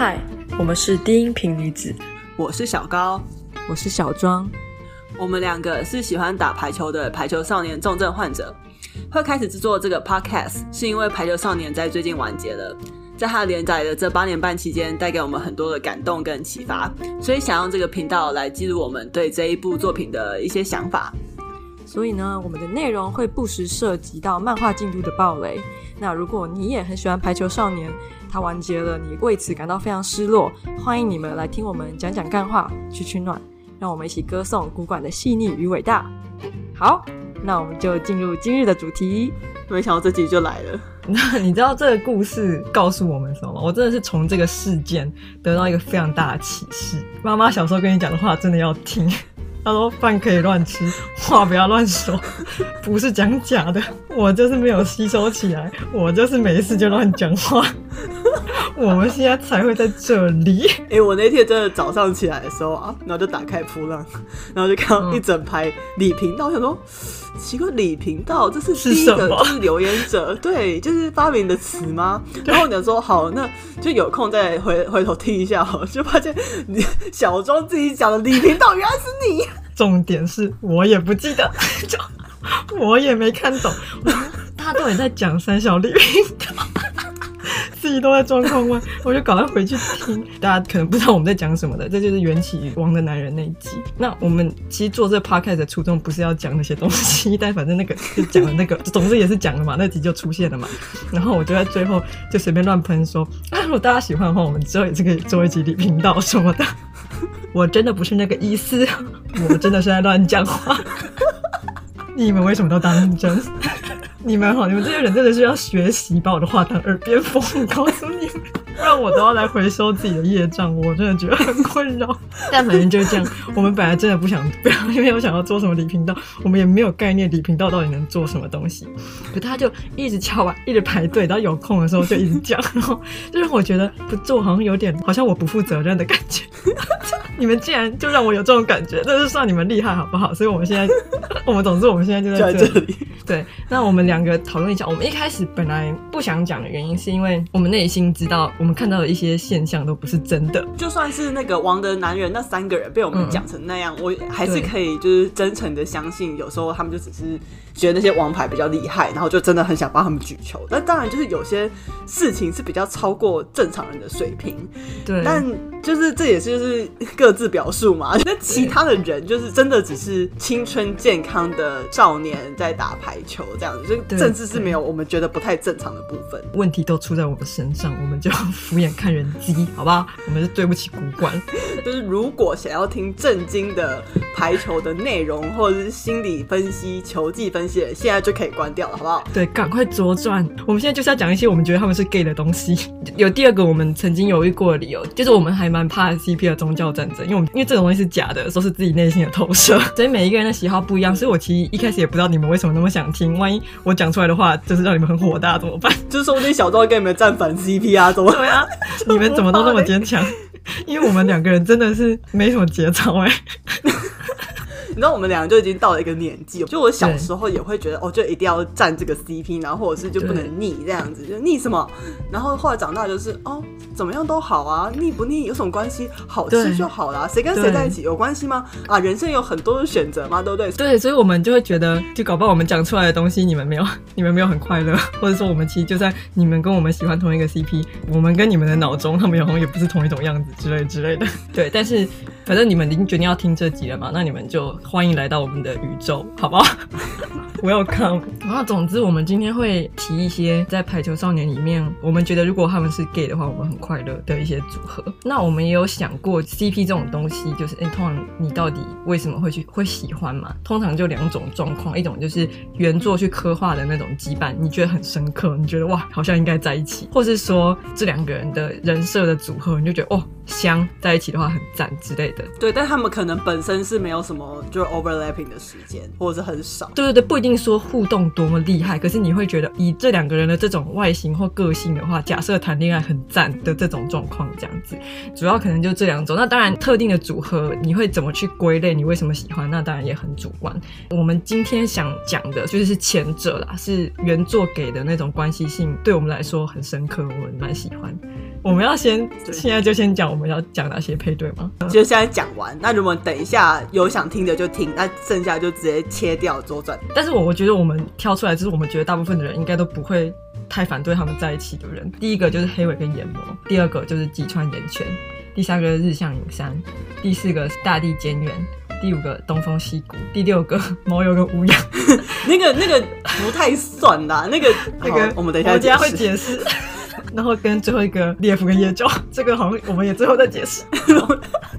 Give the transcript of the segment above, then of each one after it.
嗨，Hi, 我們是低音頻女子，我是小高，我是小莊，我們兩個是喜歡打排球的排球少年重症患者。會開始製作這個 podcast 是因為《排球少年》在最近完結了，在他連載的這八年半期間，帶給我們很多的感動跟啟發，所以想用這個頻道來記錄我們對這一部作品的一些想法。所以呢，我們的內容會不時涉及到漫畫進度的暴雷。那如果你也很喜歡《排球少年》，它完結了，你為此感到非常失落。歡迎你們來聽我們講講幹話，去取暖，讓我們一起歌頌古館的細膩與偉大。好，那我們就進入今日的主題。沒想到這集就來了。那你知道這個故事告訴我們什麼嗎？我真的是從這個事件得到一個非常大的啟示。媽媽小時候跟你講的話真的要聽。她說飯可以亂吃，話不要亂說，不是講假的。我就是沒有吸收起來，我就是每一次就亂講話。我們現在才會在這裡。哎、 欸，我那天真的早上起來的時候啊，然後就打開噗浪，然後就看到一整排裏頻道，嗯、我想說，奇怪，裏頻道這是第一個就是留言者，對，就是發明的詞嗎？對然後我就說，好，那就有空再回回頭聽一下。好，就發現小莊自己講的裏頻道，原來是你。重點是我也不記得， 就我也沒看懂，大家都也在講三小裏頻道。 自己都在狀況外，我就趕快回去聽。大家可能不知道我們在講什麼的，這就是《元氣王的男人》那一集。那我們其實做這 podcast 的初衷不是要講那些東西，哇但反正那個就講了那個， 總之也是講了嘛，那集就出現了嘛。然後我就在最後就隨便亂噴說啊，如果大家喜歡的話，我們之後也是可以做一集裏頻道什麼的。我真的不是那個意思，我真的是在亂講話。 你們為什麼都當真？ 你們好，你們這些人真的是要學習把我的話當耳邊風。我告訴你們，不然我都要來回收自己的業障。我真的覺得很困擾。 但反正就這樣，我們本來真的不想、不要，沒有想要做什麼禮頻道裏頻道，我們也沒有概念裏頻道到底能做什麼東西。可他就一直敲碗、啊、一直排隊，然後有空的時候就一直講，然後就是我覺得不做好像有點，好像我不負責任的感覺。 你們竟然就讓我有這種感覺，那就算你們厲害好不好？所以我們現在， 我們總之我們現在就在這裡。就在這裡 對，那我們兩個討論一下。我們一開始本來不想講的原因，是因為我們內心知道，我們看到的一些現象都不是真的。就算是那個王的男人那三個人被我們講成那樣，嗯、我還是可以就是真誠的相信，有時候他們就只是覺得那些王牌比較厲害，然後就真的很想幫他們舉球。那當然，就是有些事情是比較超過正常人的水平。對，但就是這也是就是個。各自表述嘛，那其他的人就是真的只是青春健康的少年在打排球這樣子，就政治是沒有我們覺得不太正常的部分。問題都出在我們身上，我們就敷衍看人機，好不好？我們是對不起古館，就是如果想要聽正經的。排球的內容或者是心理分析、球技分析，現在就可以關掉了，好不好？對，趕快左轉。我們現在就是要講一些我們覺得他們是 gay 的東西。有第二個我們曾經猶豫過的理由，就是我們還蠻怕 CP 的宗教戰爭，因為我們因為這種東西是假的，都是自己內心的投射，所以每一個人的喜好不一樣。所以，我其實一開始也不知道你們為什麼那麼想聽。萬一我講出來的話，就是讓你們很火大，嗯、怎麼辦？就是說不定小莊跟你們的站反 CP 啊，怎 麼怎麼樣？你們怎麼都那麼堅強？ 因為我們兩個人真的是沒什麼節操哎。 你知道我們倆就已經到了一個年紀，就我小時候也會覺得對哦，就一定要站這個 CP，然後或者是就不能膩對這樣子，就膩什麼？然後後來長大就是哦，怎麼樣都好啊，膩不膩有什麼關係？好吃就好啦，對誰跟誰在一起有關係嗎？對啊，人生有很多的選擇嘛，對不對？對，所以我們就會覺得，就搞不好我們講出來的東西，你們沒有，你們沒有很快樂，或者說我們其實就算你們跟我們喜歡同一個 CP，我們跟你們的腦中他們好像也不是同一種樣子之類之類的。對，但是反正你們已經決定要聽這集了嘛，那你們就。歡迎來到我們的宇宙，好不好？Welcome！然後總之，我們今天會提一些在《排球少年》裡面，我們覺得如果他們是 gay 的話，我們很快樂的一些組合。那我們也有想過 C P 這種東西，就是 Anton、欸、你到底為什麼會去會喜歡嘛？通常就兩種狀況，一種就是原作去刻畫的那種羈絆，你覺得很深刻，你覺得哇，好像應該在一起，或是說這兩個人的人設的組合，你就覺得哦。相在一起的話很讚之類的，對，但他們可能本身是沒有什麼就是 overlapping 的時間，或者是很少。對對對，不一定說互動多麼厲害，可是你會覺得以這兩個人的這種外形或個性的話，假設談戀愛很讚的這種狀況，這樣子，主要可能就這兩種。那當然，特定的組合你會怎麼去歸類？你為什麼喜歡？那當然也很主觀。我們今天想講的就是前者啦，是原作給的那種關係性，對我們來說很深刻，我們蠻喜歡。嗯、我們要先，對，現在就先講。我們要講哪些配對嗎？就現在講完，那如果等一下有想聽的就聽，那剩下就直接切掉左轉。轉但是我我覺得我們挑出來就是我們覺得大部分的人應該都不會太反對他們在一起的人。第一個就是黑尾跟研磨，第二個就是及川岩泉，第三個是日向影山，第四個大地菅原，第五個東峰西谷，第六個貓油跟烏鴉。 那個那個不太算的、啊，那個好那個我們等一下國家會解釋。 然後跟最後一個獵戶跟夜梟，這個好像我們也最後再解釋。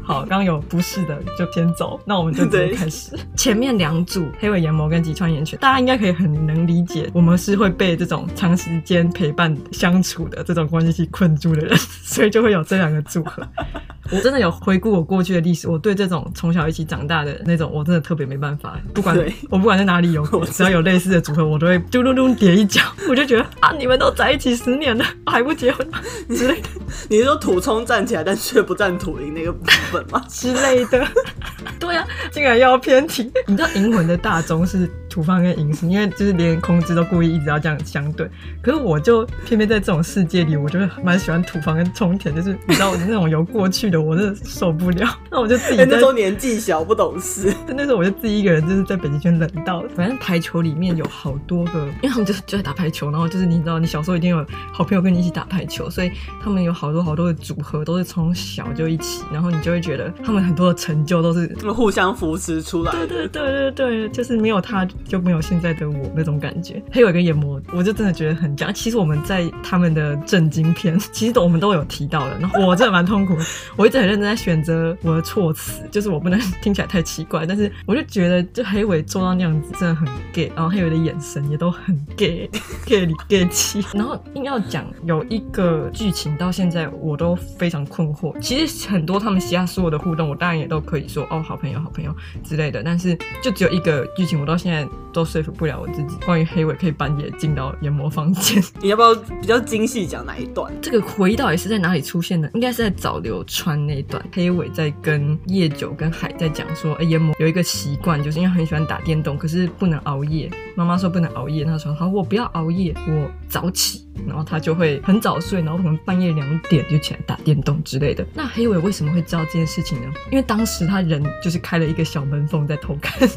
好，剛 剛有不是的就先走，那我們就直接開始。前面兩組黑尾炎魔跟吉川岩犬，大家應該可以很能理解，我們是會被這種長時間陪伴相處的這種關係困住的人，所以就會有這兩個組合。 我真的有回顧我過去的歷史，我對這種從小一起長大的那種，我真的特別沒辦法。不管對我不管在哪裡有，只要有類似的組合，我都會嘟嚕嚕疊一腳。我就覺得 啊，你們都在一起十年了，還不結婚之類的。 你是說土沖站起來，但是卻不站土銀那個部分嗎？ 之類的。 對啊，竟然要偏題。 你知道銀魂的大宗是土方跟銀時， 因為就是連空知都故意一直要這樣相對。可是我就偏偏在這種世界裡，我就蠻喜歡土方跟沖田，就是你知道那種有過去的。我真的受不了，那我就自己、欸、那時候年紀小不懂事，那時候我就自己一個人，就是在北極圈冷到。反正排球裡面有好多個，因為他們就就在打排球，然後就是你知道，你小時候一定有好朋友跟你一起打排球，所以他們有好多好多的組合都是從小就一起，然後你就會覺得他們很多的成就都是互相扶持出來的。對對對對對，就是沒有他就沒有現在的我那種感覺。還有一個眼膜，我就真的覺得很假。其實我們在他們的震驚片，其實都我們都有提到的。然後我真的蠻痛苦的。 我一直很認真在選擇我的措辭，就是我不能聽起來太奇怪。但是我就覺得，就黑尾做到那樣子真的很 gay，然後黑尾的眼神也都很 gay，gay 裡 gay 氣。然後硬要講，有一個劇情到現在我都非常困惑。其實很多他們其他所有的互動，我當然也都可以說哦，好朋友、好朋友之類的。但是就只有一個劇情，我到現在都說服不了我自己，關於黑尾可以半夜進到研磨房間。你要不要比較精細講哪一段？這個回憶到底是在哪裡出現的？應該是在找流傳。那一段，黑尾在跟夜久跟海在講說，哎呀，有一個習慣，就是因為很喜歡打電動，可是不能熬夜。媽媽說不能熬夜，她說好，我不要熬夜，我早起，然後她就會很早睡，然後可能半夜兩點就起來打電動之類的。那黑尾為什麼會知道這件事情呢？因為當時他人就是開了一個小門縫在偷看，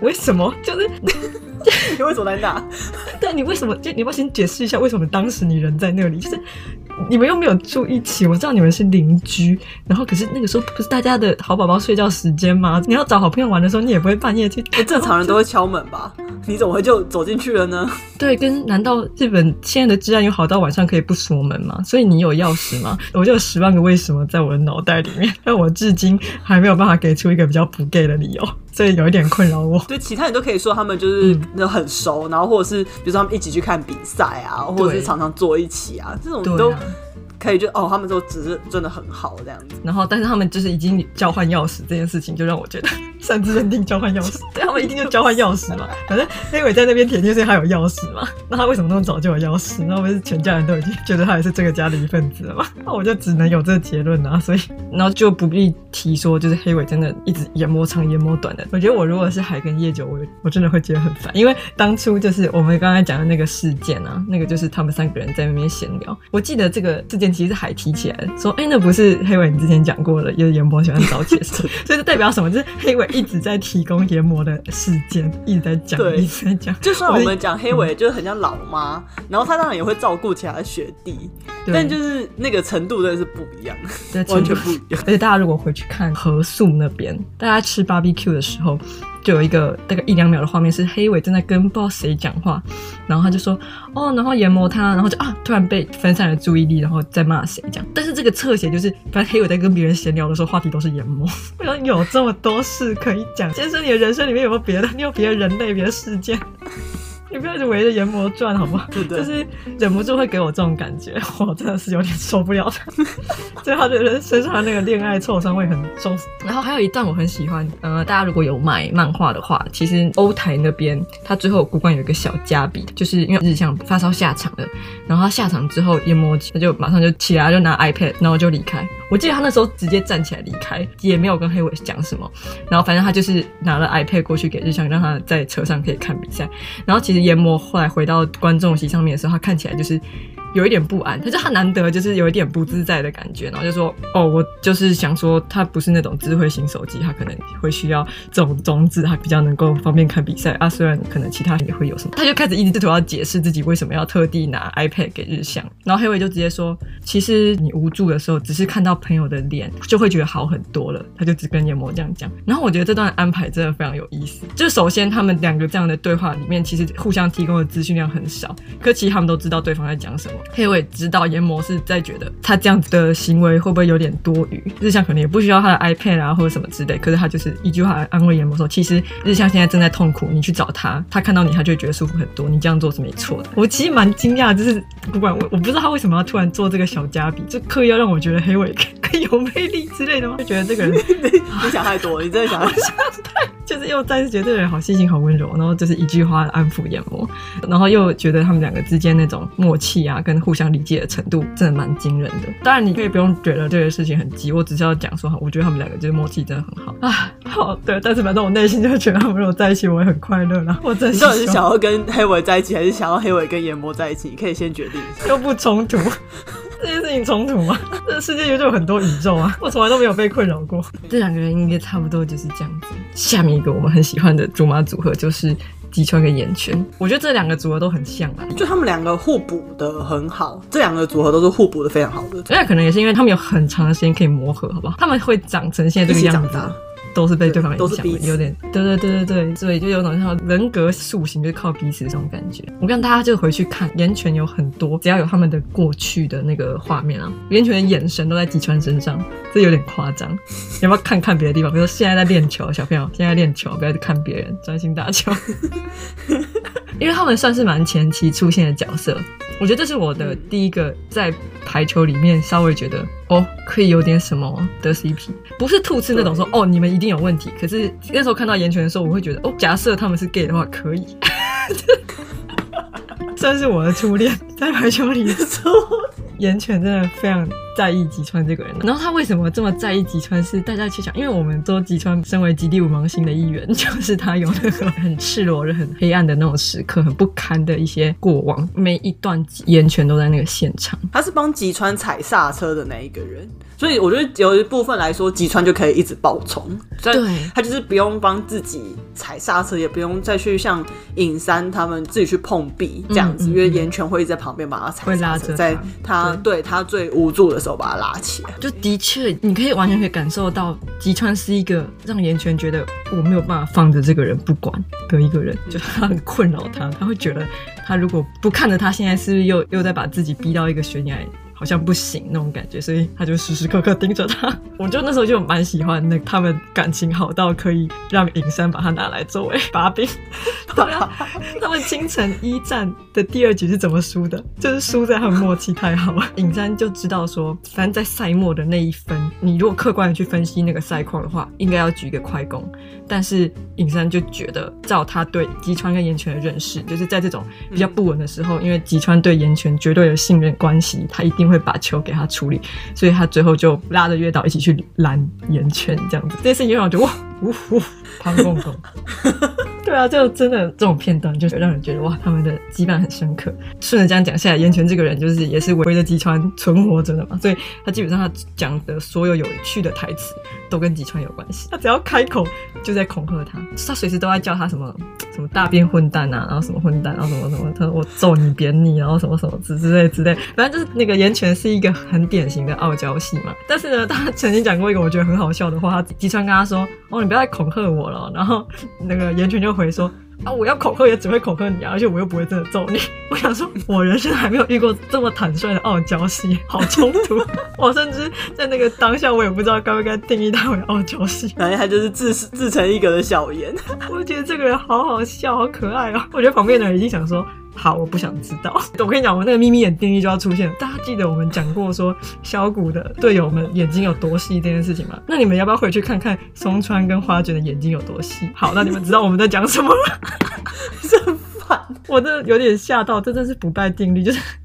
為什麼？就是。 你為什麼在那？ 對，你為什麼？就你先解釋一下，為什麼當時你人在那裡？就是你們又沒有住一起，我知道你們是鄰居，然後可是那個時候不是大家的好寶寶睡覺時間嗎？你要找好朋友玩的時候，你也不會半夜去。正常人都會敲門吧？ 你怎麼會就走進去了呢？對，跟難道日本現在的治安有好到晚上可以不鎖門嗎？所以你有鑰匙嗎？我就有十萬個為什麼在我的腦袋裡面，但我至今還沒有辦法給出一個比較不 gay 的理由。這有一點困擾我。 對，其他人都可以說他們就是很熟，嗯、然後或者是比如說他們一起去看比賽啊，對或者是常常坐一起啊，這種都可以就。就、啊、哦，他們都只是真的很好這樣子。然後，但是他們就是已經交換鑰匙這件事情，就讓我覺得。擅自認定交換鑰匙， 對，他們一定就交換鑰匙嘛？ 反正黑尾在那邊鐵定是他有鑰匙嘛。那他為什麼那麼早就有鑰匙？那不是全家人都已經覺得他也是這個家的一份子了嗎？那我就只能有這個結論啊。所以，然後就不必提說，就是黑尾真的一直研磨長，研磨短的。我覺得我如果是海跟夜久，我我真的會覺得很煩，因為當初就是我們剛才講的那個事件啊，那個就是他們三個人在那邊閒聊。我記得這個事件其實是海提起來的說，哎、欸，那不是黑尾你之前講過的，就是研磨喜歡早解釋， 所以這代表什麼？就是黑尾。一直在提供研磨的事件，一直在講，對一直在講。就算我們講黑尾，就是很像老媽， 然後她當然也會照顧其他的學弟，對但就是那個程度真的是不一樣，對完全不一樣。就是， 而且大家如果回去看和宿那邊，大家吃 barbecue 的時候，就有一個大概一兩秒的畫面，是黑尾正在跟不知道誰講話，然後他就說哦，然後研磨他，然後就啊，突然被分散了注意力，然後再罵誰這樣。但是這個側寫就是，反正黑尾在跟別人閒聊的時候，話題都是研磨，不然有這麼多事可以講？先生，你的人生裡面有沒有別的，你有別的人類，別的事件？你不要一直圍着研磨轉，好不好？就是忍不住會給我這種感覺，我真的是有點受不了。 所以他的人身上的那個戀愛創傷會很重。然後還有一段我很喜歡，呃，大家如果有買漫畫的話，其實歐台那邊他最後古舘有一個小加筆，就是因為日向發燒下場了，然後他下場之後研磨機，他就馬上就起來就拿 iPad，然後就離開。我記得他那時候直接站起來離開，也沒有跟黑尾講什麼，然後反正他就是拿了 iPad 過去給日向，讓他在車上可以看比賽。然後其實。淹沒。後來回到觀眾席上面的時候，他看起來就是有一點不安，他就他難得就是有一點不自在的感覺，然後就說哦，我就是想說，他不是那種智慧型手機，他可能會需要這種裝置，他比較能夠方便看比賽啊。雖然可能其他也會有什麼，他就開始一直試圖要解釋自己為什麼要特地拿 iPad 給日向，然後黑尾就直接說，其實你無助的時候，只是看到朋友的臉就會覺得好很多了。他就只跟研磨這樣講，然後我覺得這段安排真的非常有意思。就首先他們兩個這樣的對話裡面，其實互相提供的資訊量很少，可其實他們都知道對方在講什麼。黑尾知道研磨是在覺得他這樣子的行為會不會有點多餘？日向可能也不需要他的 iPad 啊，或者什麼之類，可是他就是一句話安慰研磨說：“其實日向現在正在痛苦，你去找他，他看到你，他就會覺得舒服很多。你這樣做是沒錯的。”我其實蠻驚訝，就是不管我，我不知道他為什麼要突然做這個小加比，這刻意要讓我覺得黑尾更有魅力之類的嗎？就覺得這個人、啊、你想太多，你真的想的想太。 就是又再次覺得這個人好細心、好溫柔，然後就是一句話的安撫研磨，然後又覺得他們兩個之間那種默契啊，跟互相理解的程度真的蠻驚人的。當然你可以不用覺得這些事情很急，我只是要講說哈，我覺得他們兩個就是默契真的很好啊。好，對，但是反正我內心就是覺得他們如果在一起，我也很快樂呢。我真的是想要跟黑尾在一起，還是想要黑尾跟研磨在一起？你可以先決定一下，又不衝突。 這件事情衝突嗎？啊？這個、世界有就有很多宇宙啊，我從來都沒有被困擾過。 這兩個人應該差不多就是這樣子。下面一個我們很喜歡的竹馬組合就是吉川跟岩泉，我覺得這兩個組合都很像啊，就他們兩個互補的很好。這兩個組合都是互補的非常好的，那可能也是因為他們有很長的時間可以磨合，好不好？他們會長成現在這個樣子。都是被對方影響的，有點，對對對對對，所以就有種像人格塑形，就是靠彼此的這種感覺。我跟大家就回去看，岩泉有很多，只要有他們的過去的那個畫面啊，岩泉的眼神都在及川身上，這有點誇張。 要不要看看別的地方？比如說現在在練球，小朋友現在在練球，不要看別人，專心打球， 因為他們算是蠻前期出現的角色。我覺得這是我的第一個在排球裡面稍微覺得。哦，可以有點什麼的 CP，不是兔吃那種說，哦，你們一定有問題。可是那時候看到岩泉的時候，我會覺得哦，假設他們是 gay 的話，可以。算 是我的初戀，在排球裡的時候，岩泉真的非常。在意及川這個人，啊，然後他為什麼這麼在意及川，是大家去想，因為我們做及川，身為《極地五芒星》的一員，就是他有那個很赤裸很黑暗的那種時刻，很不堪的一些過往，每一段岩泉都在那個現場。他是幫及川踩剎車的那一個人，所以我覺得有一部分來說，及川就可以一直爆衝，所以他就是不用幫自己踩剎車，也不用再去像影山他們自己去碰壁這樣子，嗯嗯、因為岩泉會一直在旁邊把他踩剎車，會拉他在他對，對他最無助的。手把他拉起來，就的確，你可以完全可以感受到及川是一個讓岩泉覺得我沒有辦法放着這個人不管的一個人，就他很困擾他，他會覺得他如果不看着他，現在是不是又又在把自己逼到一個懸崖？好像不行那種感覺，所以他就時時刻刻盯着他。我就那時候就蠻喜歡那他們感情好到可以讓影山把他拿來作為把柄。 啊、 他們青城一戰的第二局是怎麼輸的？就是輸在他們默契太好了。影 山就知道說，反正在賽末的那一分，你如果客觀的去分析那個賽況的話，應該要舉一個快攻。但是影山就覺得，照他對吉川跟岩泉的認識，就是在這種比較不穩的時候，嗯、因為吉川對岩泉絕對有信任關係，他一定會把球給他處理，所以他最後就拉着月島一起去攔岩泉這樣子。這件事情讓我覺得哇，嗚，潘共狗，龐龐龐 對啊，就真的這種片段，就讓人覺得哇，他們的羈絆很深刻。順着這樣講下來，岩泉這個人就是也是圍着吉川存活着的嘛，所以他基本上他講的所有有趣的台詞都跟吉川有關係，他只要開口就在。在恐嚇他，他隨時都在叫他什麼什麼大便混蛋啊，然後什麼混蛋，然後什麼什麼，他說我揍你，扁你，然後什麼什麼之之類之類，反正就是那個岩泉是一個很典型的傲嬌系嘛。但是呢，他曾經講過一個我覺得很好笑的話，他及川跟他說哦，你不要再恐嚇我了，然後那個岩泉就回說。啊！我要恐嚇也只會恐嚇你啊，而且我又不會真的揍你。我想說，我人生還沒有遇過這麼坦率的傲嬌系，好衝突！我 甚至在那個當下，我也不知道該不該定義他為傲嬌系，反正他就是自自成一格的小言。 我覺得這個人好好笑，好可愛啊、哦！我覺得旁邊的人已經想說。好，我不想知道。我跟你講，我們那個瞇瞇眼定律就要出現了。大家記得我們講過說，小谷的隊友們眼睛有多細這件事情嗎？那你們要不要回去看看松川跟花卷的眼睛有多細？好，那你們知道我們在講什麼嗎？真 煩，我這有點嚇到，這真的是不敗定律，就是。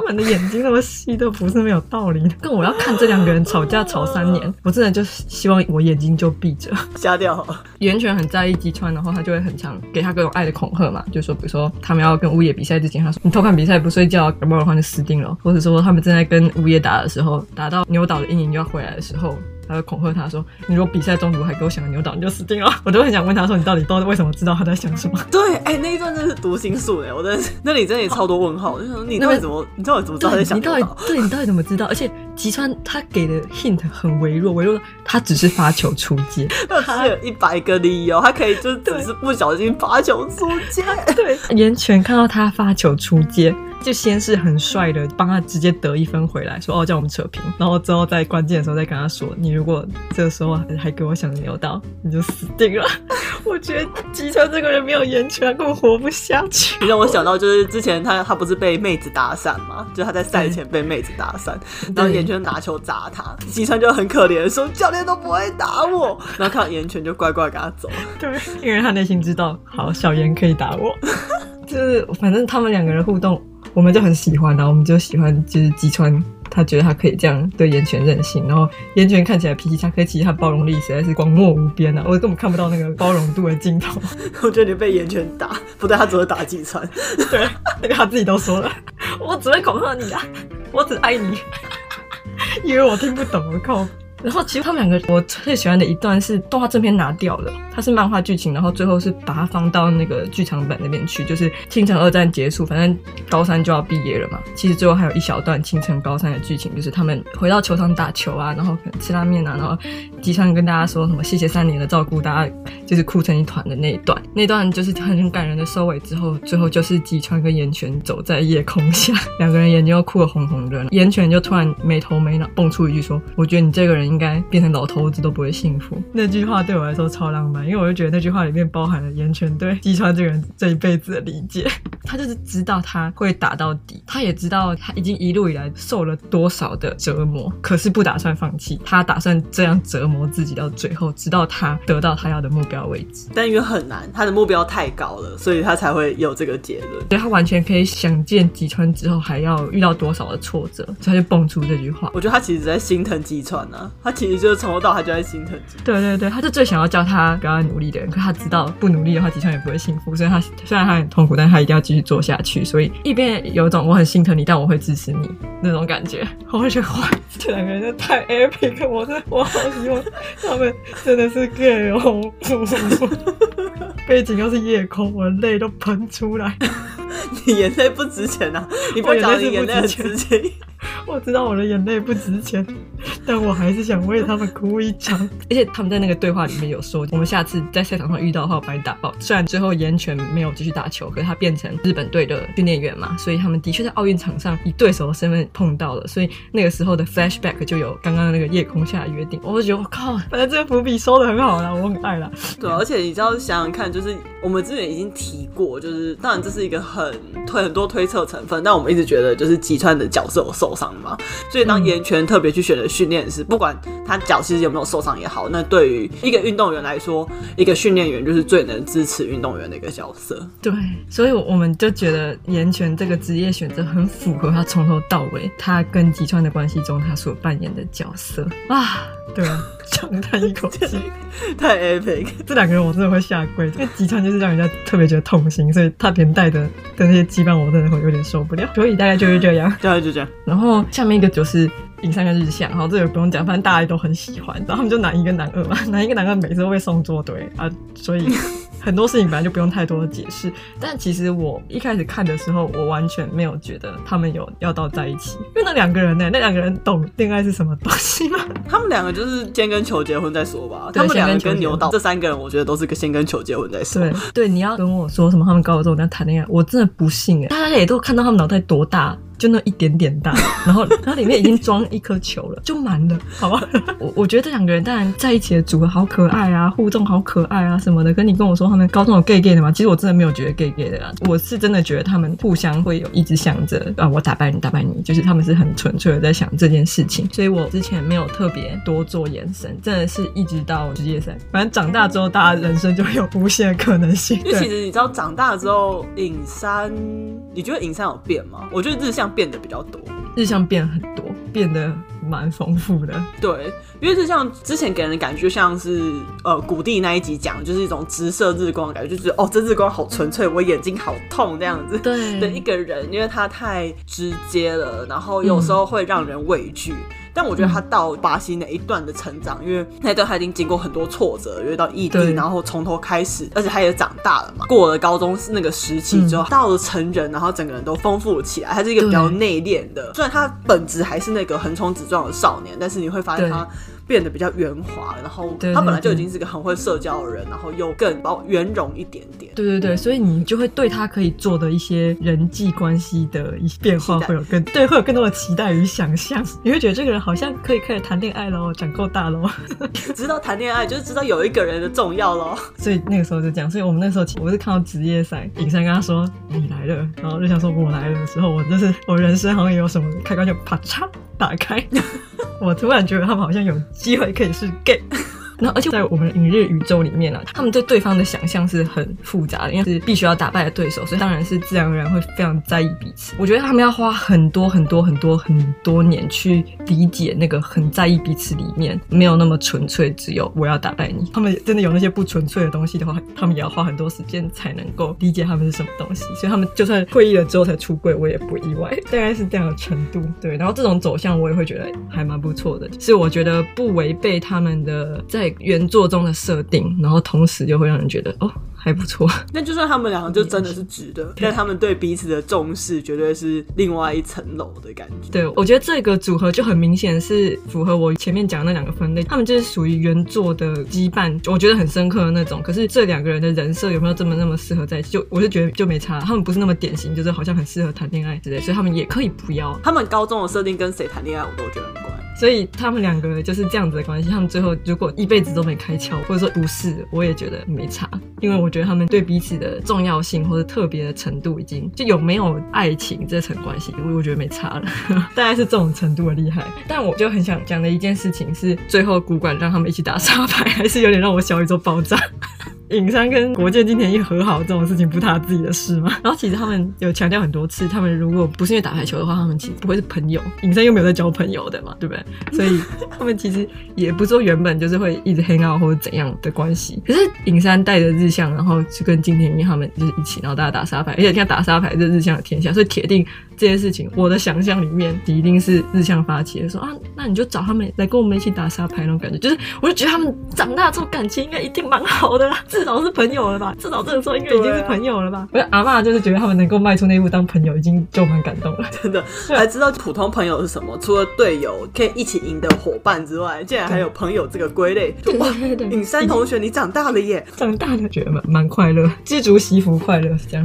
他們的眼睛那麼細，都不是沒有道理。但我要看這兩個人吵架吵三年，我真的就希望我眼睛就閉着、哦，瞎掉了。岩泉很在意及川，然後他就會很常給他各種愛的恐嚇嘛，就說比如說他們要跟烏野比賽之前，他說你偷看比賽不睡覺、啊，感冒的話就死定了。或者說他們正在跟烏野打的時候，打到牛島的陰影就要回來的時候，然後恐嚇他說：“你如果比賽中途還給我想個牛島，你就死定了。 ”我就很想問他說：“你到底到底為什麼知道他在想什麼？”對，哎、欸，那一段真是讀心術嘞！我真的是那裡真的也超多問號。你、哦、說你到底怎麼？邊你到底怎麼知道？你到底對？你到底怎麼知道？而且。及川他給的 hint 很微弱，微弱到他只是發球出界。 他有一百個理由，他可以就是只是不小心發球出界。 對，岩泉看到他發球出界，就先是很帥的幫他直接得一分回來，說哦叫我們扯平。然後之後在關鍵的時候再跟他說，你如果這個時候還給我想牛刀，你就死定了。 我覺得吉川這個人沒有眼圈，根本活不下去。你讓我想到就是之前他他不是被妹子打散嗎？就他在賽前被妹子打散，對 然後眼圈拿球砸他，吉川對 就很可憐，說教練都不會打我，然後看到眼圈就乖乖跟他走。對，因為他內心知道，好，小嚴可以打我， 就是反正他們兩個人互動，我們就很喜歡，啊，然後我們就喜歡就是吉川。他覺得他可以這樣對嚴泉任性，然後嚴泉看起來脾氣差，可其實他包容力實在是廣袤無邊啊！我根本看不到那個包容度的盡頭。我覺得你被嚴泉打不對，他只會打幾餐。對，那個、他自己都說了， 我只會恐嚇你啊，我只愛你，因為我聽不懂，靠。然後其實他們兩個我最喜歡的一段是動畫正片拿掉的，它是漫畫劇情，然後最後是把它放到那個劇場版那邊去，就是青城二戰結束，反正高三就要畢業了嘛。其實最後還有一小段青城高三的劇情，就是他們回到球場打球啊，然後可能吃拉麵啊，然後及川跟大家說什麼謝謝三年的照顧，大家就是哭成一團的那一段，那段就是很感人的收尾。之後最後就是及川跟岩泉走在夜空下，兩個人眼睛又哭得紅紅的，岩泉就突然沒頭沒腦蹦出一句說：“我覺得你這個人。”應該變成老頭子都不會幸福。那句話對我來說超浪漫，因為我就覺得那句話裡面包含了岩泉對及川這個人這一輩子的理解。他就是知道他會打到底，他也知道他已經一路以來受了多少的折磨，可是不打算放棄。他打算這樣折磨自己到最後，直到他得到他要的目標為止。但因為很難，他的目標太高了，所以他才會有這個結論。所以他完全可以想見及川之後還要遇到多少的挫折，所以他就蹦出這句話。我覺得他其實是在心疼及川呢。他其實就是從頭到尾他就在心疼。對對對，他就最想要叫他不要努力的人，可是他知道不努力的話，吉香也不會幸福。所以，他雖然他很痛苦，但他一定要繼續做下去。所以一邊有一種我很心疼你，但我會支持你那種感覺。我會覺得哇，這兩個人就太 epic 我是我好喜歡他們，真的是各有各。背景又是夜空，我的淚都噴出來。你眼淚不值錢吶，你不講你眼淚很值錢。我知道我的眼淚不值錢，但我還是想為他們哭一場。 而且他們在那個對話裡面有說，我們下次在賽場上遇到的話，我把你打爆。雖然最後岩泉沒有繼續打球，可是他變成日本隊的訓練員嘛，所以他們的確在奧運場上以對手的身份碰到了。所以那個時候的 flashback 就有剛剛那個夜空下的約定。我就覺得我靠，反正這個伏筆收的很好啦，我很愛啦。 對，而且你知道想想看，就是我們之前已經提過，就是當然這是一個很推，很多推測成分，但我們一直覺得就是及川的角色有受受傷了嗎？所以當岩泉特別去選擇訓練師，不管他腳其實有沒有受傷也好，那對於一個運動員來說，一個訓練員就是最能支持運動員的一個角色。對，所以我我們就覺得岩泉這個職業選擇很符合他從頭到尾他跟吉川的關係中他所扮演的角色啊，對。 長嘆一口氣，太 epic，這兩個人我真的會下跪，因為吉川就是讓人家特別覺得痛心，所以他連帶的的那些羈絆我真的會有點受不了，所以大概就是這樣，大概就這樣。然後下面一個就是。影山跟日向，好，這個不用講，反正大家都很喜歡。然後他們就男一跟男二嘛，男一跟男二每次都會送作對。啊，所以很多事情本來就不用太多的解釋。但其實我一開始看的時候，我完全沒有覺得他們有要到在一起，因為那兩個人呢，那兩個人懂戀愛是什麼東西嗎？他們兩個就是先跟球結婚再說吧。對他們兩個跟牛島這三個人，我覺得都是個先跟球結婚再說。對對，你要跟我說什麼？他們高中在談戀愛，我真的不信誒，大家也都看到他們腦袋多大，就那一點點大，然後它裡面已經裝。 一顆球了，就滿了，好吧。 我我覺得這兩個人當然在一起的組合好可愛啊，互動好可愛啊什麼的。可你跟我說他們高中有 gay gay 的嗎？其實我真的沒有覺得 gay gay 的啦，我是真的覺得他們互相會有一直想着啊，我打敗你，打敗你，就是他們是很純粹的在想這件事情。所以我之前沒有特別多做延伸，真的是一直到職業賽。反正長大之後，大家人生就有無限的可能性。對，其實你知道長大之後，影山，你覺得影山有變嗎？我覺得日向變得比較多，日向變很多。變得蠻豐富的，對，因為是像之前給人的感覺就像是呃谷地，那一集講，就是一種直射日光的感覺，就是哦這日光好純粹，我眼睛好痛這樣子，對的一個人，對因為他太直接了，然後有時候會讓人畏懼。嗯嗯但我覺得他到巴西那一段的成長，嗯、因為那段他已經經過很多挫折了，因為到異地，然後從頭開始，而且他也長大了嘛，過了高中那個時期之後，嗯、到了成人，然後整個人都豐富了起來。他是一個比較內斂的，對雖然他本質還是那個橫衝直撞的少年，但是你會發現他。變得比較圓滑，然後他本來就已經是一個很會社交的人，然後又更包圓融一點點。對對對，對所以你就會對他可以做的一些人際關係的一些變化，會有更待對，會有更多的期待與想象。你會覺得這個人好像可以開始談戀愛嘍，長夠大嘍，知道談戀愛就是知道有一個人的重要了。 所以那個時候就這樣，所以我們那時候我是看到職業賽，影山跟他說你來了，然後日向說我來了的時候，我就是我人生好像有什麼開關就啪嚓打開。我突然覺得他們好像有機會可以是 gay。那而且在我們的影日宇宙裡面呢、啊，他們對對方的想象是很複雜的，因為是必須要打敗的對手，所以當然是自然而然會非常在意彼此。我覺得他們要花很多很多很多很多年去理解那個很在意彼此裡面沒有那麼純粹，只有我要打敗你。他們真的有那些不純粹的東西的話，他們也要花很多時間才能夠理解他們是什麼東西。所以他們就算退役了之後才出櫃，我也不意外，大概是這樣的程度。對，然後這種走向我也會覺得還蠻不錯的，就是我覺得不違背他們的在。原作中的設定，然後同時就會讓人覺得哦。還不錯，那就算他們兩個就真的是直的，但他們對彼此的重視絕對是另外一層樓的感覺。對，我覺得這個組合就很明顯是符合我前面講的那兩個分類，他們就是屬於原作的羈絆，我覺得很深刻的那種。可是這兩個人的人設有沒有這麼那麼適合在一起？就我就覺得就沒差，他們不是那麼典型，就是好像很適合談戀愛之類，所以他們也可以不要。他們高中的設定跟誰談戀愛，我都覺得很怪。所以他們兩個就是這樣子的關係，他們最後如果一輩子都沒開竅，或者說不是，我也覺得沒差，因為我。覺得他們對彼此的重要性或者，特別的程度，已經就有沒有愛情這層關係，我我覺得沒差了，大 概是這種程度的厲害。但我就很想講的一件事情是，最後古舘讓他們一起打沙排，還是有點讓我小宇宙爆炸。 影山跟國見、金田一和好這種事情不是他自己的事嗎？然後其實他們有強調很多次，他們如果不是因為打排球的話，他們其實不會是朋友。影山又沒有在交朋友的嘛，對不對？所以他們其實也不說原本就是會一直 hang out 或者怎樣的關係。可是影山帶着日向，然後去跟金田一他們就是一起，然後大家打沙排，而且現在打沙排是日向的天下，所以鐵定。這些事情，我的想象裡面，一定是日向發起的，說啊，那你就找他們來跟我們一起打沙排那種感覺，就是我就覺得他們長大之後感情應該一定蠻好的啦，至少是朋友了吧？至少這個時候應該已經是朋友了吧？不是，我阿嬤就是覺得他們能夠邁出那一步當朋友，已經就蠻感動了，真的。才對知道普通朋友是什麼，除了隊友可以一起贏的夥伴之外，竟然還有朋友這個歸類。對影山同學，你長大了耶！長大了，覺得蠻蠻快樂，知足惜福快樂是這樣、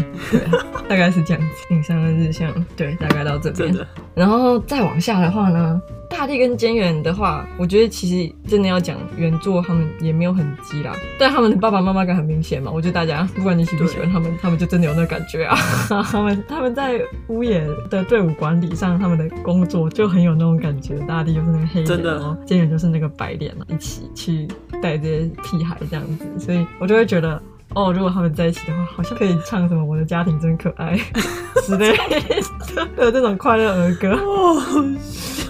啊，大概是這樣子。影山跟日向對。大概到這邊，的然後再往下的話呢，大地跟兼遠的話，我覺得其實真的要講原作，他們也沒有很急啦。但他們的爸爸媽媽感很明顯嘛。我覺得大家不管你喜不喜歡他們，對他們就真的有那感覺啊。 他們他們在烏野的隊伍管理上，他們的工作就很有那種感覺。大地就是那個黑臉，真的，然後兼遠就是那個白臉嘛，啊，一起去帶這些屁孩這樣子，所以我就會覺得。哦，如果他們在一起的話，好像可以唱什麼《 我的家庭真可愛》之類的，的這種快樂兒歌。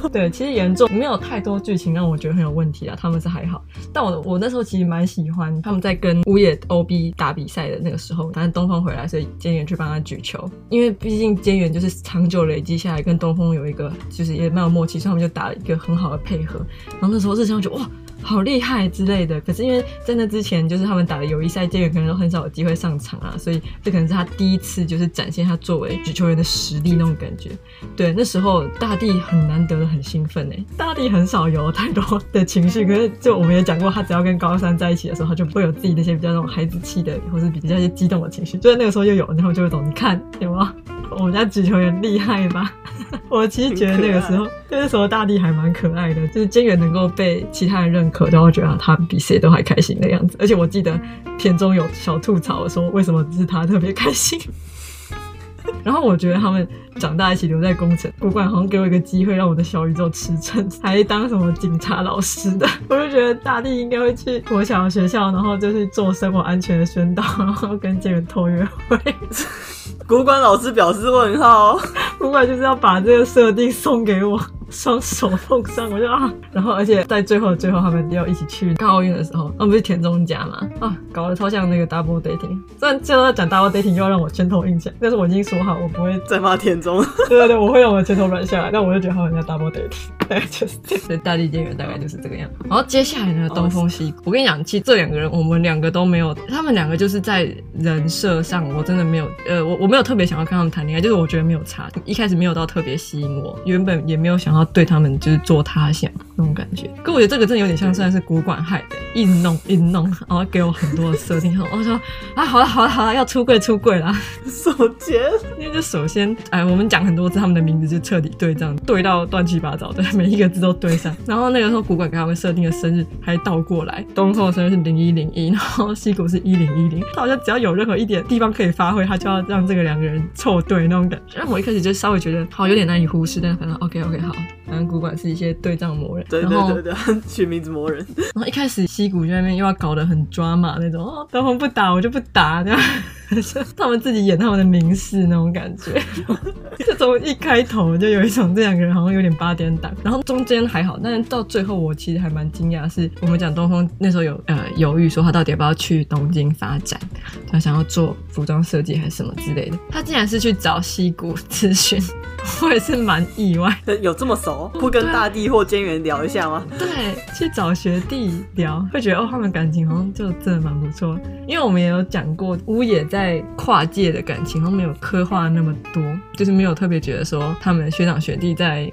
哦， 對，其實嚴重沒有太多劇情讓我覺得很有問題啊，他們是還好。但我我那時候其實蠻喜歡他們在跟烏野 OB 打比賽的那個時候，反正東峰回來，所以菅原去幫他舉球，因為畢竟菅原就是長久累積下來跟東峰有一個就是也蠻有默契，所以他們就打了一個很好的配合。然後那時候日向就哇。好厲害之類的，可是因為在那之前，就是他們打的友誼賽，這個可能都很少有機會上場啊，所以這可能是他第一次就是展現他作為足球員的實力那種感覺。對，那時候大地很難得的很興奮哎，大地很少有太多的情緒，可是就我們也講過，他只要跟高山在一起的時候，他就不會有自己那些比較那種孩子氣的，或是比較一些激動的情緒，就是那個時候就有，然後就會懂，你看有嗎？我們家舉球員厲害吧？ 我其實覺得那個時候那個時候大地還蠻可愛的，就是菅原能夠被其他人認可，然後覺得他比誰都還開心的樣子。而且我記得片中有小吐槽說為什麼是他特別開心？ 然後我覺得他們。長大一起留在宮城，古館好像給我一個機會讓我的小宇宙馳騁，還當什麼警察老師的，我就覺得大地應該會去國小的學校，然後就是做生活安全的宣導，然後跟菅原偷約會。古館老師表示問號，古館就是要把這個設定送給我，雙手奉上，我就啊，然後而且在最後最後他們要一起去看奧運的時候，那、啊、不是田中家嗎？啊，搞得超像那個 double dating，雖然後在講 double dating 又要讓我先偷印象，但是我已經說好我不會再罵田中。 對對對，我會讓我拳頭軟下來，但我就覺得他們好像 double date 大概就是，大地電源大概就是這個樣。然後接下來呢，東風西谷，哦，我跟你講，其實這兩個人，我們兩個都沒有，他們兩個就是在人設上，我真的沒有，呃，我我沒有特別想要看他們談戀愛，就是我覺得沒有差，一開始沒有到特別吸引我，原本也沒有想要對他們就是做他想那種感覺。可我覺得這個真的有點像，算是古館害的，一直弄，一直弄，然後給我很多的設定， 然後我說啊，好了好了好了，要出櫃出櫃啦了，首先，因為就首先，哎我。我們講很多次他們的名字就徹底對，賬對到亂七八糟的，每一個字都對上。然後那個時候古管給他們設定的生日還倒過來，東空的生日是零一零一，然後西谷是一零一零。他好像只要有任何一點地方可以發揮，他就要讓這個兩個人湊對那種感覺。那我一開始就稍微覺得好有點難以忽視，但反正 OK OK 好，反正古管是一些對仗魔人，對對對對，取名字魔人。然後一開始西谷就在那邊又要搞得很抓 r 那種，哦，東不打，我就不打，這樣， 他們自己演他們的名事那種感覺。就從一開頭就有一種這兩個人好像有點八點檔，然後中間還好，但是到最後我其實還蠻驚訝的是我們講東峰那時候有呃猶豫說他到底要不要去東京發展，他想要做服裝設計還是什麼之類的，他竟然是去找西谷諮詢，我也是蠻意外的，有這麼熟，不跟大地或菅原聊一下嗎？對，對，去找學弟聊，會覺得哦他們感情好像就真的蠻不錯，因為我們也有講過烏野在跨界的感情，然後沒有刻畫那麼多就。是沒有特別覺得說他們學長學弟在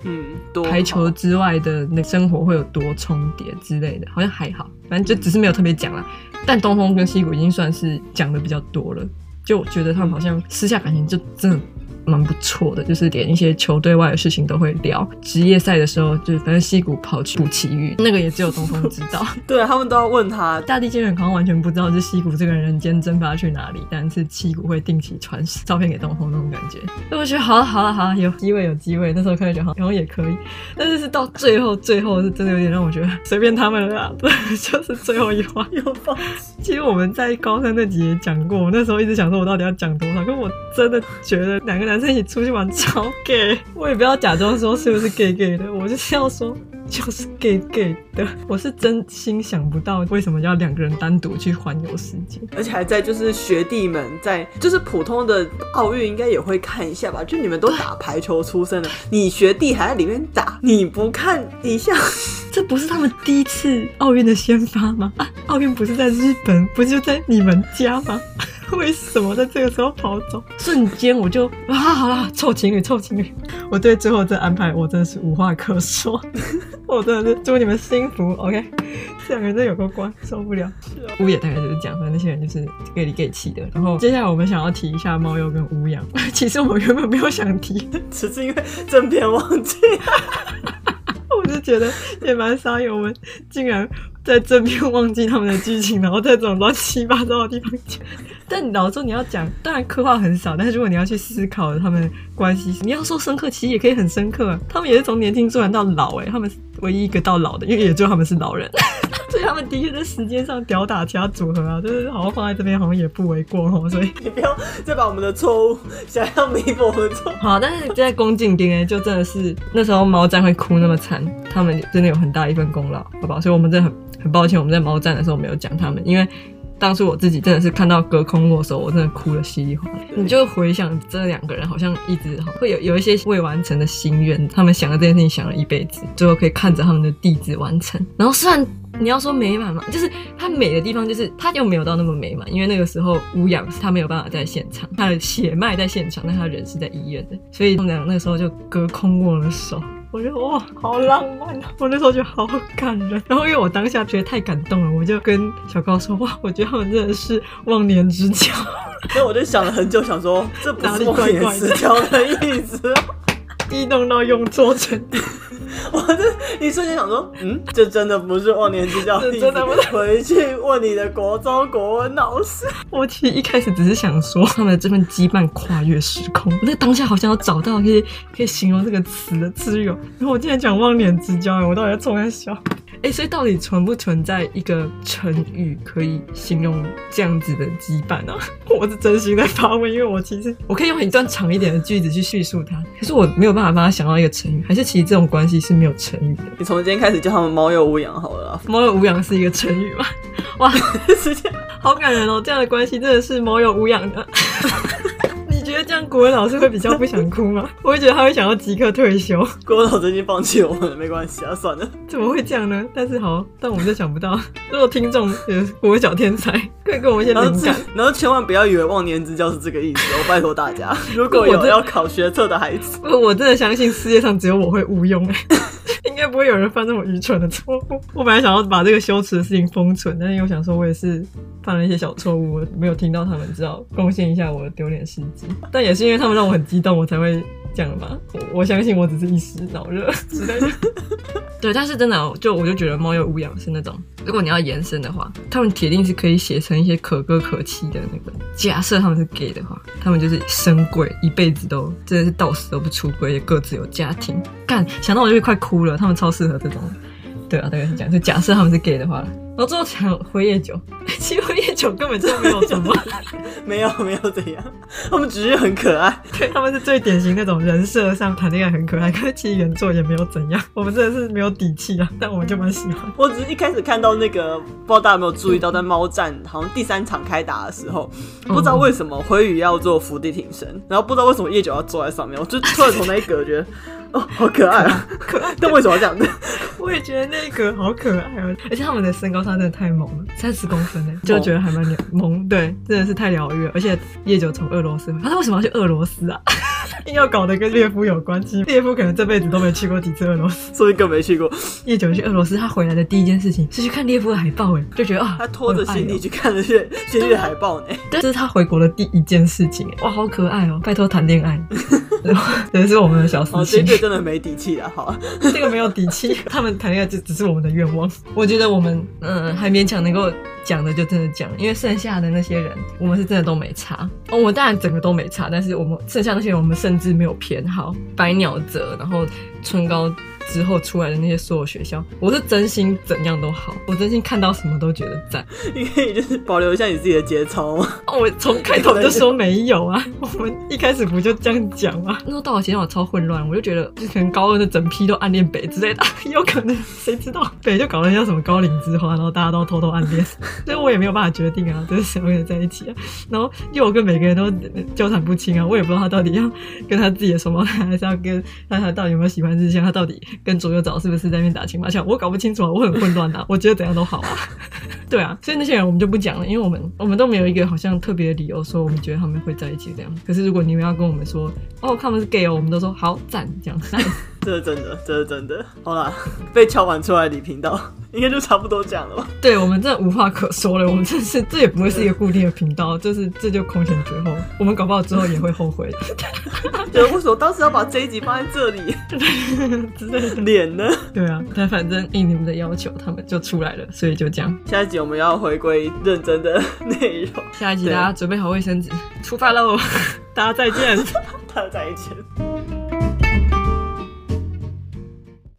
排球之外的那生活會有多重疊之類的，好像還好，反正就只是沒有特別講啦。嗯、但東風跟西谷已經算是講的比較多了，就覺得他們好像私下感情就真的。蠻不錯的，就是連一些球隊外的事情都會聊。職業賽的時候，就是反正西谷跑去補奇遇，那個也只有東風知道。 對，他們都要問他。大地竟然好像完全不知道這西谷這個人間蒸發去哪裡，但是西谷會定期傳照片給東風那種、個、感覺。哎，我覺得好了好了好了，有機會有機會，那時候開始就好，然後也可以。但是是到最後最後是真的有點讓我覺得隨便他們了。對，就是最後一話又放。其實我們在高三那集也講過，那時候一直想說我到底要講多少，可我真的覺得兩個男。男生，一起出去玩超 gay，我也不要假裝說是不是 gay gay 的，我就是要說就是 gay gay 的。我是真心想不到為什麼要兩個人單獨去環遊世界，而且還在就是學弟們在，就是普通的奧運應該也會看一下吧。就你們都打排球出身的，你學弟還在裡面打，你不看，你像 看一下？ 這不是他們第一次奧運的先發嗎？啊，奧運不是在日本，不是就在你們家嗎？ 為什麼在這個時候跑走？瞬間我就啊，好啦臭情侶，臭情侶！我對最後這安排，我真的是無話可說。我真的是祝你們幸福 ，OK。這兩個人真有個關，受不了。屋也大概就是講，反正那些人就是 gay 裡 gay 氣的。然後接下來我們想要提一下貓又跟烏羊。其實我原本沒有想提，只是因為正片忘記。 我就覺得也蠻少的，我們竟然。在這邊忘記他們的劇情，然後在這種亂七八糟的地方講， 但你老說你要講，當然刻畫很少，但是如果你要去思考他們關係，你要說深刻，其實也可以很深刻，啊。他們也是從年輕做人到老，誒，他們是唯一一個到老的，因為也只有他們是老人， 所以他們的確在時間上吊打其他組合啊，就是好好放在這邊好像也不為過哦，喔。所以你不要再把我們的錯誤想要彌補我們錯，好，但是就在宮敬丁誒，就真的是那時候貓贊會哭那麼慘，他們真的有很大一份功勞，好不好？所以我們真的很。很抱歉，我們在貓站的時候沒有講他們，因為當初我自己真的是看到隔空握手，我真的哭了，稀里嘩啦。對你就回想這兩個人好像一直會有有一些未完成的心願，他們想了這件事情想了一輩子，最後可以看着他們的弟子完成。然後雖然你要說美滿嘛，就是它美的地方就是它又沒有到那麼美滿，因為那個時候吳是他沒有辦法在現場，他的血脈在現場，但他人是在醫院的，所以他們倆那個時候就隔空握了手。我覺得哇，好浪漫啊！我那時候覺得好感人。然後因為我當下覺得太感動了，我就跟小高說：“哇，我覺得他們真的是忘年之交。”所以我就想了很久，想說這不是忘年之交的意思喔，激 動到用錯成語。我這一瞬間想說，嗯，這真的不是忘年之交，真的。回去問你的國中國文老師。我其實一開始只是想說，他們的這份羈絆跨越時空。我在當下好像要找到可以可以形容這個詞的資源。然後我今天講忘年之交，我倒在突然笑哎，所以到底存不存在一個成語可以形容這樣子的羈絆呢、啊？我是真心在發問，因為我其實我可以用一段長一點的句子去敘述它，可是我沒有辦法幫他想到一個成語，還是其實這種關係是沒有成語的。你從今天開始叫他們貓又無好了、啊“貓有無恙”好了，“貓有無恙”是一個成語嗎？哇，是這好感人哦！這樣的關係真的是“貓有無恙”的。 覺得這樣，國文老師會比較不想哭嗎？的我會覺得他會想要即刻退休。國文老師已經放棄我們了，沒關係啊，算了。怎麼會這樣呢？但是好，但我們就想不到。如果聽眾呃，也是國文小天才，可以跟我們先分享，然後千萬不要以為忘年之交是這個意思， 我拜託大家。如果有這要考學測的孩子，我真的相信世界上只有我會誤用哎、欸。 應該不會有人犯這麼愚蠢的錯誤。我本來想要把這個羞恥的事情封存，但是又想說，我也是犯了一些小錯誤，我沒有聽到他們知道貢獻一下我的丟臉事蹟。但也是因為他們讓我很激動，我才會。這樣吧，我，我相信我只是一時腦熱，實在是。對，但是真的，啊，就我就覺得貓又無養是那種，如果你要延伸的話，他們鐵定是可以寫成一些可歌可泣的那個。假設他們是 gay 的話，他們就是深櫃，一輩子都真的是到死都不出櫃，也各自有家庭。幹， 想到我就會快哭了。他們超適合這種，對啊，大概是這樣。就、啊、 假設他們是 gay 的話。然後、哦、最後搶灰夜久，其實灰夜久根本就沒有怎麼、 就是， 沒有沒有怎樣，他們只是很可愛。對，他們是最典型那種人設上談戀愛很可愛，可是其實原作也沒有怎樣，我們真的是沒有底氣啊。但我們就蠻喜歡。我只是一開始看到那個，不知道大家有沒有注意到，對在貓戰好像第三場開打的時候，嗯、不知道為什麼灰羽要做伏地挺身，然後不知道為什麼夜久要坐在上面，我就突然從那一格覺得， 哦，好可愛啊， 可愛。但為什麼要這樣子？ 我也覺得那一格好可愛哦、啊，而且他們的身高。他真的太萌了，三十公分誒，猛就覺得還蠻萌。對，真的是太療癒了。而且葉九從俄羅斯、啊，他為什麼要去俄羅斯啊？硬要搞得跟列夫有關係，列夫可能這輩子都沒去過幾次俄羅斯，所以更沒去過。一九去俄羅斯，他回來的第一件事情是去看列夫的海報，哎，就覺得啊，他拖着行李去看的列列列海報呢。對這是他回國的第一件事情，哇，好可愛哦、喔！拜託談戀愛，真 是我們的小私心、 啊。這對真的沒底氣了好、啊， 這個沒有底氣，他們談戀愛就只是我們的願望。我覺得我們嗯、呃，還勉強能夠。講的就真的講，因為剩下的那些人，我們是真的都沒差。Oh, 我們當然整個都沒差，但是我們剩下的那些人，我們甚至沒有偏好百鳥者，然後春高。之後出來的那些所有學校，我是真心怎樣都好，我真心看到什麼都覺得讚。你可以就是保留一下你自己的節操嗎？我從開頭就說沒有啊，我們一開始不就這樣講嗎？啊？ 然後到了前面我超混亂，我就覺得就可能高二的整批都暗戀北之類的，又可能誰知道北就搞了些什麼高嶺之花，然後大家都偷偷暗戀， 所以我也沒有辦法決定啊，就是想跟想在一起啊？然後又我跟每個人都糾纏，呃、不清啊，我也不知道他到底要跟他自己的什麼，還是要跟他，他到底有沒有喜歡對象，他到底。跟左右找是不是在那邊打情罵俏？我搞不清楚啊，我很混亂啊， 我覺得怎樣都好啊。 對啊，所以那些人我們就不講了，因為我們我們都沒有一個好像特別的理由說我們覺得他們會在一起這樣。可是如果你們要跟我們說哦他們是 gay 哦，我們都說好讚這樣。這是真的，這是真的。好了，被敲碗出來的頻道應該就差不多講了吧。對我們真的無話可說了，我們真是這也不會是一個固定的頻道，就對是這就空前絕後。我們搞不好之後也會後悔，覺得為什麼當時要把這一集放在這裡？ 這是臉呢？對啊，但反正應你們的要求，他們就出來了，所以就這樣。下一集。我們要回歸認真的內容，下一集大家準備好衛生紙，出發嘍！ 大家再見， 大家再見。